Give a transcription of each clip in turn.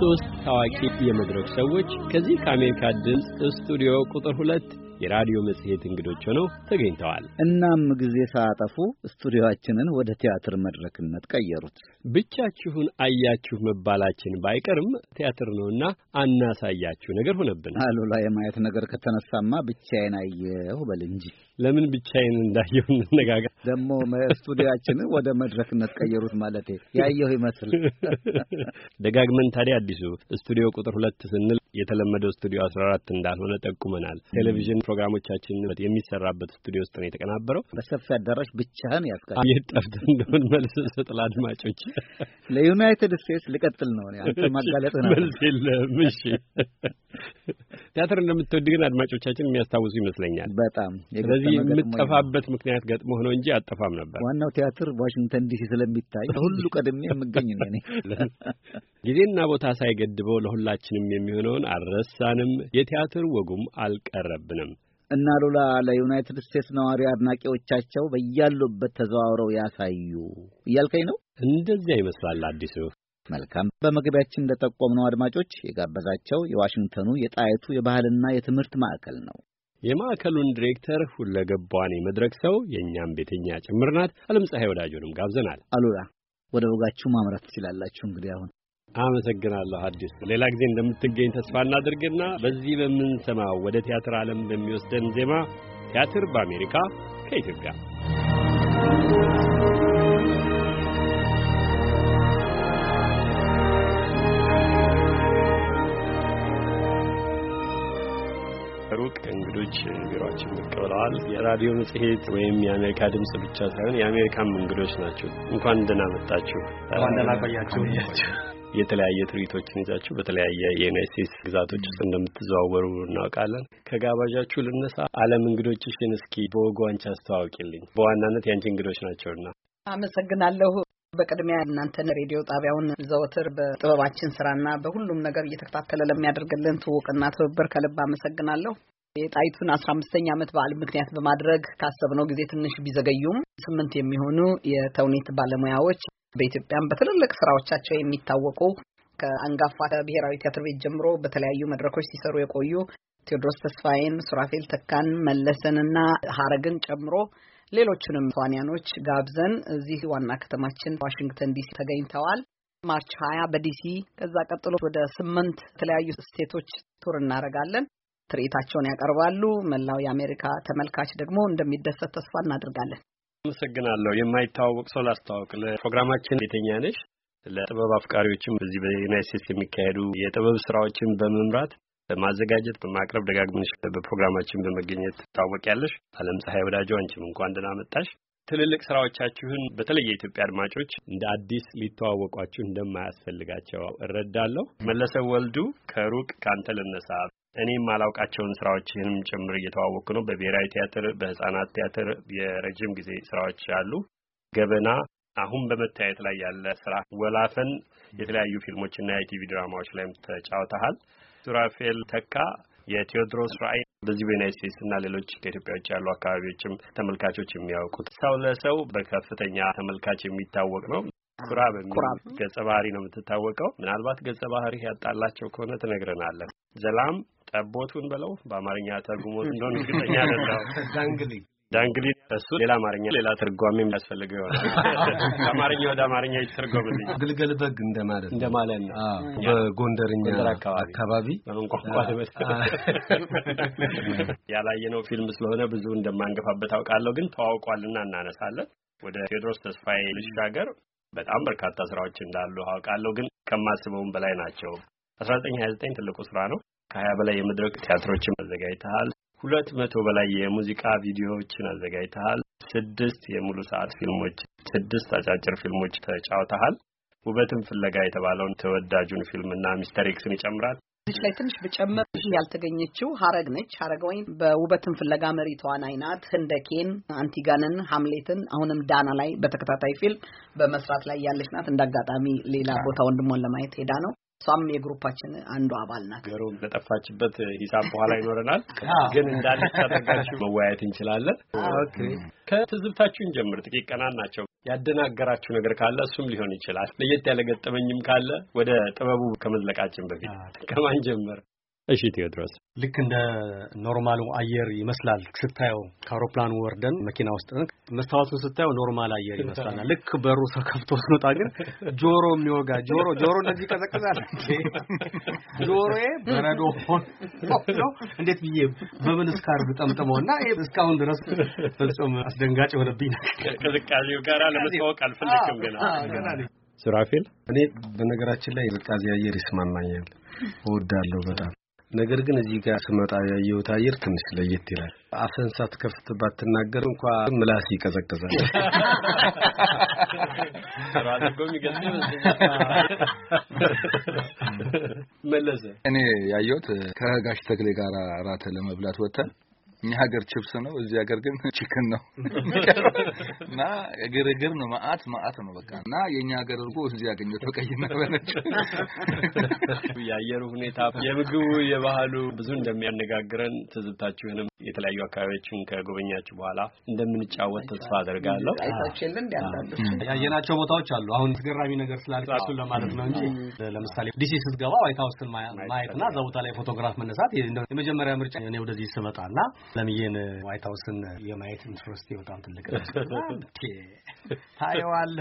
ሶስት ታዋቂ የመድረክ ሰዎች ከዚህ ከአሜሪካ ድምፅ ስቱዲዮ ቁጥር ሁለት የራዲዮ መጽሔት እንግዶች ሆነው ተገኝተዋል። እናም ጊዜ ሳያጠፉ ስቱዲዮአችንን ወደ ቲያትር መድረክነት ቀየሩት። ብቻችሁን አያችሁ መባላችን ባይቀርም ቲያትር ነውና አናሳያችሁ ነገር ሆነብን። አሉላ የማየት ነገር ከተነሳማ ብቻዬን አየሁ በል እንጂ። ለምን ብቻዬን እንዳየሁ እንነጋገር። ደግሞ ስቱዲያችን ወደ መድረክነት ቀየሩት ማለት ያየሁ ይመስል ደጋግመን። ታዲያ አዲሱ ስቱዲዮ ቁጥር ሁለት ስንል የተለመደው ስቱዲዮ አስራ አራት እንዳልሆነ ጠቁመናል። ቴሌቪዥን ፕሮግራሞቻችን የሚሰራበት ስቱዲዮ ውስጥ ነው የተቀናበረው። በሰፊ አዳራሽ ብቻህን ያስቃል። የት ጠፍተህ እንደሆን መልስ ስጥ ለአድማጮች። ለዩናይትድ ስቴትስ ልቀጥል ነው ማጋለጥ ነው መልስ የለም። እሺ ቲያትር እንደምትወድ ግን አድማጮቻችን የሚያስታውሱ ይመስለኛል። በጣም ስለዚህ የምጠፋበት ምክንያት ገጥሞ ሆነው እንጂ አጠፋም ነበር። ዋናው ቲያትር ዋሽንግተን ዲሲ ስለሚታይ ሁሉ ቀድሜ የምገኝ ነው ጊዜና ቦታ ሳይገድበው ለሁላችንም የሚሆነውን አልረሳንም፣ የቲያትር ወጉም አልቀረብንም። እና ሉላ ለዩናይትድ ስቴትስ ነዋሪ አድናቂዎቻቸው በያሉበት ተዘዋውረው ያሳዩ እያልከኝ ነው? እንደዚያ ይመስላል አዲሱ መልካም። በመግቢያችን እንደጠቆምነው አድማጮች የጋበዛቸው የዋሽንግተኑ የጣይቱ የባህልና የትምህርት ማዕከል ነው። የማዕከሉን ዲሬክተር ሁለገቧን የመድረክ ሰው የእኛም ቤተኛ ጭምር ናት አለም ፀሐይ ወዳጆንም ጋብዘናል። አሉላ ወደ ወጋችሁ ማምራት ትችላላችሁ። እንግዲህ አሁን አመሰግናለሁ አዲስ። ሌላ ጊዜ እንደምትገኝ ተስፋ እናድርግና በዚህ በምንሰማው ወደ ቲያትር ዓለም በሚወስደን ዜማ ቲያትር በአሜሪካ ከኢትዮጵያ እውቅ እንግዶች ቢሮችን መቀበለዋል። የራዲዮ መጽሔት ወይም የአሜሪካ ድምጽ ብቻ ሳይሆን የአሜሪካም እንግዶች ናቸው። እንኳን ደህና መጣችሁ፣ እንኳን ደህና ቆያችሁ። የተለያየ ትርኢቶችን ይዛችሁ በተለያየ የዩናይት ስቴትስ ግዛቶች ውስጥ እንደምትዘዋወሩ እናውቃለን። ከጋባዣችሁ ልነሳ። ዓለም እንግዶችሽን እስኪ በወጉ አንቺ አስተዋውቂልኝ። በዋናነት የአንቺ እንግዶች ናቸውና። አመሰግናለሁ። በቅድሚያ እናንተን ሬዲዮ ጣቢያውን ዘወትር በጥበባችን ስራና በሁሉም ነገር እየተከታተለ ለሚያደርግልን ትውቅና ትብብር ከልብ አመሰግናለሁ። የጣይቱን አስራ አምስተኛ ዓመት በዓል ምክንያት በማድረግ ካሰብነው ጊዜ ትንሽ ቢዘገዩም ስምንት የሚሆኑ የተውኔት ባለሙያዎች በኢትዮጵያም በትልልቅ ስራዎቻቸው የሚታወቁ ከአንጋፋ ብሔራዊ ቲያትር ቤት ጀምሮ በተለያዩ መድረኮች ሲሰሩ የቆዩ ቴዎድሮስ ተስፋዬን፣ ሱራፌል ተካን፣ መለሰንና ሀረግን ጨምሮ ሌሎቹንም ተዋንያኖች ጋብዘን እዚህ ዋና ከተማችን ዋሽንግተን ዲሲ ተገኝተዋል። ማርች ሀያ በዲሲ ከዛ ቀጥሎ ወደ ስምንት የተለያዩ ስቴቶች ቱር እናደርጋለን። ትርኢታቸውን ያቀርባሉ። መላው የአሜሪካ ተመልካች ደግሞ እንደሚደሰት ተስፋ እናደርጋለን። አመሰግናለሁ። የማይታወቅ ሰው ላስተዋውቅ። ለፕሮግራማችን ቤተኛ ነሽ። ለጥበብ አፍቃሪዎችም በዚህ በዩናይት ስቴትስ የሚካሄዱ የጥበብ ስራዎችን በመምራት በማዘጋጀት በማቅረብ ደጋግመሽ በፕሮግራማችን በመገኘት ትታወቂያለሽ። አለም ፀሐይ ወዳጆ አንቺም እንኳን ደህና መጣሽ። ትልልቅ ስራዎቻችሁን በተለይ የኢትዮጵያ አድማጮች እንደ አዲስ ሊተዋወቋችሁ እንደማያስፈልጋቸው እረዳለሁ። መለሰብ ወልዱ ከሩቅ ከአንተ ልነሳ እኔም ማላውቃቸውን ስራዎችህንም ጭምር እየተዋወቅኩ ነው። በብሔራዊ ቲያትር፣ በህጻናት ቲያትር የረጅም ጊዜ ስራዎች አሉ። ገበና፣ አሁን በመታየት ላይ ያለ ስራ ወላፈን፣ የተለያዩ ፊልሞችና የቲቪ ድራማዎች ላይም ተጫውተሃል። ሱራፌል ተካ የቴዎድሮስ ራዕይ በዚህ በዩናይት ስቴትስ እና ሌሎች ከኢትዮጵያ ውጭ ያሉ አካባቢዎችም ተመልካቾች የሚያውቁት ሰው ለሰው በከፍተኛ ተመልካች የሚታወቅ ነው። ኩራ በሚል ገጸ ባህሪ ነው የምትታወቀው። ምናልባት ገጸ ባህሪ ያጣላቸው ከሆነ ትነግረናለን። ዘላም ጠቦቱን በለው በአማርኛ ተርጉሞት እንደሆነ እርግጠኛ አይደለሁም። ዳንግሊ ዳንግሊ እሱ ሌላ አማርኛ ሌላ ትርጓሜ የሚያስፈልገው ይሆናል። ከአማርኛ ወደ አማርኛ ይተርጎምልኝ። ግልገል በግ እንደማለት እንደማለት ነው። በጎንደርኛ አካባቢ በመንቋቋት ያላየነው ፊልም ስለሆነ ብዙ እንደማንገፋበት አውቃለሁ፣ ግን ተዋውቋልና እናነሳለን። ወደ ቴዎድሮስ ተስፋዬ ልሻገር። በጣም በርካታ ስራዎች እንዳሉ አውቃለሁ፣ ግን ከማስበውም በላይ ናቸው። 1929 ትልቁ ስራ ነው። ከሀያ በላይ የመድረክ ቲያትሮችን አዘጋጅተሃል። ሁለት መቶ በላይ የሙዚቃ ቪዲዮዎችን አዘጋጅተሃል። ስድስት የሙሉ ሰዓት ፊልሞች፣ ስድስት አጫጭር ፊልሞች ተጫውተሃል። ውበትን ፍለጋ የተባለውን ተወዳጁን ፊልምና ሚስተር ኤክስን ይጨምራል። እዚህ ላይ ትንሽ ብጨምር ያልተገኘችው ሀረግ ነች። ሀረግ ወይም በውበትን ፍለጋ መሪ ተዋናይ ናት። ህንደኬን፣ አንቲጋንን፣ ሀምሌትን አሁንም ዳና ላይ በተከታታይ ፊልም በመስራት ላይ ያለች ናት። እንደ አጋጣሚ ሌላ ቦታ ወንድሟን ለማየት ሄዳ ነው። እሷም የግሩፓችን አንዱ አባል ናት። ገሩ ለጠፋችበት ሂሳብ በኋላ ይኖረናል፣ ግን እንዳለ ታደርጋችሁ መወያየት እንችላለን። ከትዝብታችሁን ጀምር። ጥቂት ቀናት ናቸው። ያደናገራችሁ ነገር ካለ እሱም ሊሆን ይችላል። ለየት ያለ ገጠመኝም ካለ ወደ ጥበቡ ከመዝለቃችን በፊት ከማን ጀምር? እሺ ቴዎድሮስ፣ ልክ እንደ ኖርማሉ አየር ይመስላል ስታየው። ከአውሮፕላኑ ወርደን መኪና ውስጥ መስታወቱን ስታየው ኖርማል አየር ይመስላል። ልክ በሩ ሰው ከፍቶ ስንወጣ ግን ጆሮ የሚወጋ ጆሮ ጆሮ እንደዚህ ይቀዘቅዛል። ጆሮዬ በረዶ ሆኖ እንዴት ብዬ በምን ስካርፍ ጠምጥመውና እና እስካሁን ድረስ ፍጹም አስደንጋጭ የሆነብኝ ቅዝቃዜው ጋር ለመታወቅ አልፈለግም ገና ሱራፌል። እኔ በነገራችን ላይ ቅዝቃዜ አየር ይስማማኛል እወዳለሁ በጣም ነገር ግን እዚህ ጋር ስመጣ ያየሁት አየር ትንሽ ለየት ይላል። አፍህን ሳትከፍት ባትናገር እንኳ ምላስ ይቀዘቅዛል። መለሰ እኔ ያየሁት ከጋሽ ተክሌ ጋር ራት ለመብላት ወጥተን እኛ ሀገር ችፕስ ነው፣ እዚህ ሀገር ግን ቺክን ነው እና ግርግር ነው። ማአት ማአት ነው በቃ እና የእኛ ሀገር እርጎ እዚህ ያገኘሁት በቀይና በነጭ የአየሩ ሁኔታ የምግቡ የባህሉ ብዙ እንደሚያነጋግረን ትዝብታችሁንም የተለያዩ አካባቢዎችን ከጎበኛችሁ በኋላ እንደምንጫወት ተስፋ አደርጋለሁ። ያየናቸው ቦታዎች አሉ። አሁን አስገራሚ ነገር ስላልቃሱን ለማለት ነው እንጂ ለምሳሌ ዲሲ ስትገባ ዋይት ሀውስን ማየትና እዛ ቦታ ላይ ፎቶግራፍ መነሳት የመጀመሪያ ምርጫ እኔ ወደዚህ ስመጣና ለምዬን ዋይት ሀውስን የማየት ኢንትረስቲ በጣም ትልቅ ታየዋል።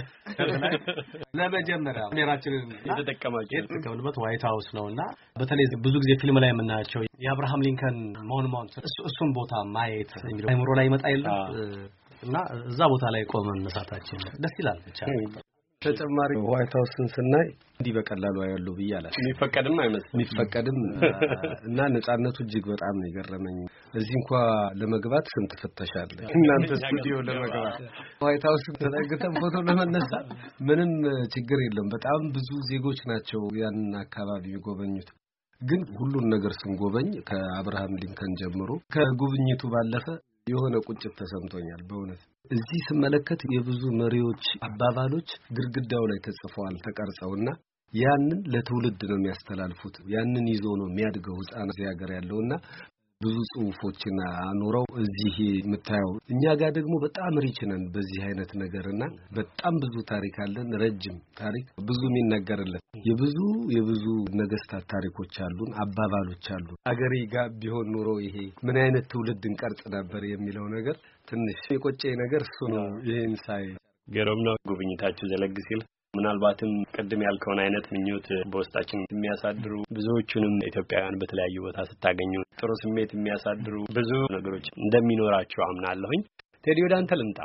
ለመጀመሪያ ሜራችንን የተጠቀማችሁበት ዋይት ሀውስ ነው እና በተለይ ብዙ ጊዜ ፊልም ላይ የምናያቸው የአብርሃም ሊንከን መሆን እሱ የሆነን ቦታ ማየት የሚለው አይምሮ ላይ ይመጣ የለም እና እዛ ቦታ ላይ ቆመን መሳታችን ደስ ይላል ብቻ ተጨማሪ ዋይት ሀውስን ስናይ እንዲህ በቀላሉ ያሉ ብዬ አላ የሚፈቀድም አይመስልም የሚፈቀድም እና ነጻነቱ እጅግ በጣም ነው የገረመኝ። እዚህ እንኳ ለመግባት ስንት ፍተሻለ እናንተ ስቱዲዮ ለመግባት ዋይት ሀውስ ተጠግተን ፎቶ ለመነሳት ምንም ችግር የለም። በጣም ብዙ ዜጎች ናቸው ያንን አካባቢ የጎበኙት። ግን ሁሉን ነገር ስንጎበኝ ከአብርሃም ሊንከን ጀምሮ ከጉብኝቱ ባለፈ የሆነ ቁጭት ተሰምቶኛል። በእውነት እዚህ ስመለከት የብዙ መሪዎች አባባሎች ግድግዳው ላይ ተጽፈዋል ተቀርጸውና ያንን ለትውልድ ነው የሚያስተላልፉት። ያንን ይዞ ነው የሚያድገው ሕፃን እዚህ ሀገር ያለውና ብዙ ጽሁፎችን አኖረው እዚህ የምታየው። እኛ ጋር ደግሞ በጣም ሪች ነን በዚህ አይነት ነገር እና በጣም ብዙ ታሪክ አለን። ረጅም ታሪክ ብዙ የሚነገርለት የብዙ የብዙ ነገስታት ታሪኮች አሉን፣ አባባሎች አሉ። አገሬ ጋር ቢሆን ኑሮ ይሄ ምን አይነት ትውልድ እንቀርጽ ነበር የሚለው ነገር ትንሽ የቆጨኝ ነገር እሱ ነው። ይህን ሳይ ገሮም ነው። ጉብኝታችሁ ዘለግ ሲል ምናልባትም ቅድም ያልከውን አይነት ምኞት በውስጣችን የሚያሳድሩ ብዙዎቹንም ኢትዮጵያውያን በተለያዩ ቦታ ስታገኙ ጥሩ ስሜት የሚያሳድሩ ብዙ ነገሮች እንደሚኖራቸው አምናለሁኝ። ቴዲ ወደ አንተ ልምጣ።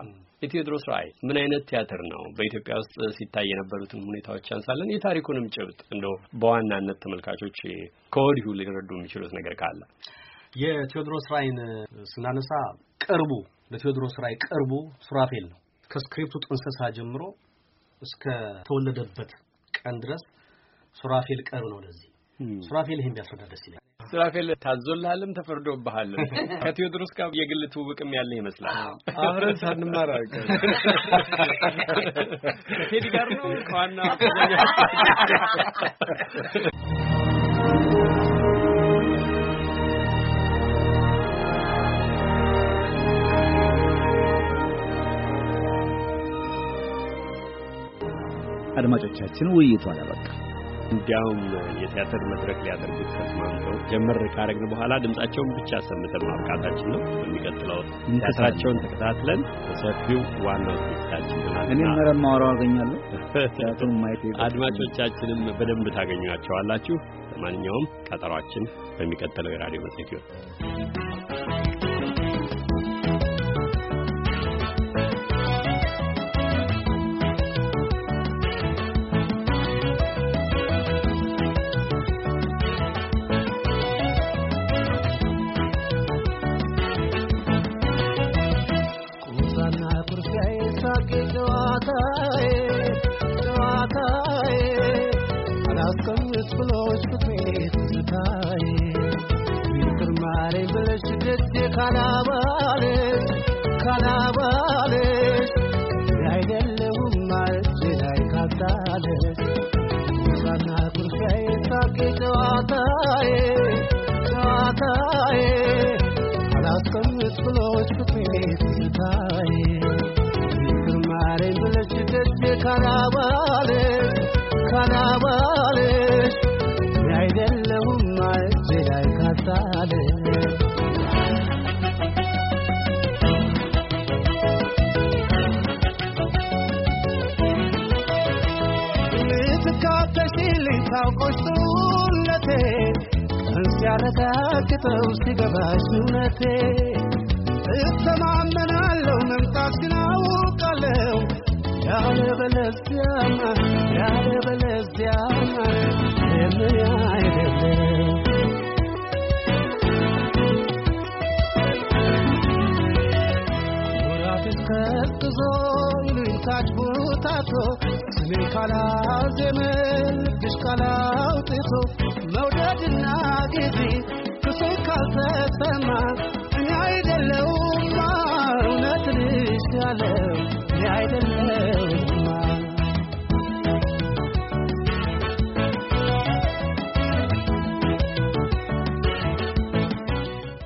የቴዎድሮስ ራዕይ ምን አይነት ቲያትር ነው? በኢትዮጵያ ውስጥ ሲታይ የነበሩትን ሁኔታዎች አንሳለን። የታሪኩንም ጭብጥ እንደ በዋናነት ተመልካቾች ከወዲሁ ሊረዱ የሚችሉት ነገር ካለ የቴዎድሮስ ራዕይን ስናነሳ ቅርቡ ለቴዎድሮስ ራዕይ ቅርቡ ሱራፌል ነው። ከስክሪፕቱ ጥንሰሳ ጀምሮ እስከ ተወለደበት ቀን ድረስ ሱራፌል ቀሩ ነው። ለዚህ hmm. ሱራፌል ይሄን ቢያስረዳ ደስ ይላል። ሱራፌል ታዞልሃልም ተፈርዶብሃል። ከቴዎድሮስ ጋር የግል ትውውቅም ያለ ይመስላል። አብረን ሳንማራ ከቴዲ ጋር ነው ከዋና አድማጮቻችን ውይይቱ አላበቃ እንዲያውም የቲያትር መድረክ ሊያደርጉት ተስማምተው ጀመር ካደረግን በኋላ ድምጻቸውን ብቻ ሰምተን ማብቃታችን ነው። በሚቀጥለው ቲያትራቸውን ተከታትለን በሰፊው ዋናው ዝግጅታችን ይሆናል። እኔም መረብ ማወራው አገኛለሁ። ቲያትሩን ማየት አድማጮቻችንም በደንብ ታገኟቸዋላችሁ። ለማንኛውም ቀጠሯችን በሚቀጥለው የራዲዮ መጽሔት ይሆናል። ደስ ብሎሽ ፍቅሬ ትዝታዬ ፍቅር ማሬ ብለሽ ደስ ካላባለሽ ካላባለሽ አይደለሁም ማለት ላይ ካጣለሽ ሳና ኩርሻዬ ሳቄ ጨዋታዬ ጨዋታዬ አላስቀምጥ ብሎሽ ፍቅሬ ትዝታዬ ፍቅር ማሬ ብለሽ ደስ ካላ ሳላግጠው ሲገባሽ እውነቴ እተማመናለሁ መምጣት ግን አውቃለሁ ያለ በለዚያማ ያለ በለዚያማ የምን አይደለም ወራትስ ይሉኝታች ቦታቶ ስሜን ካላዜመ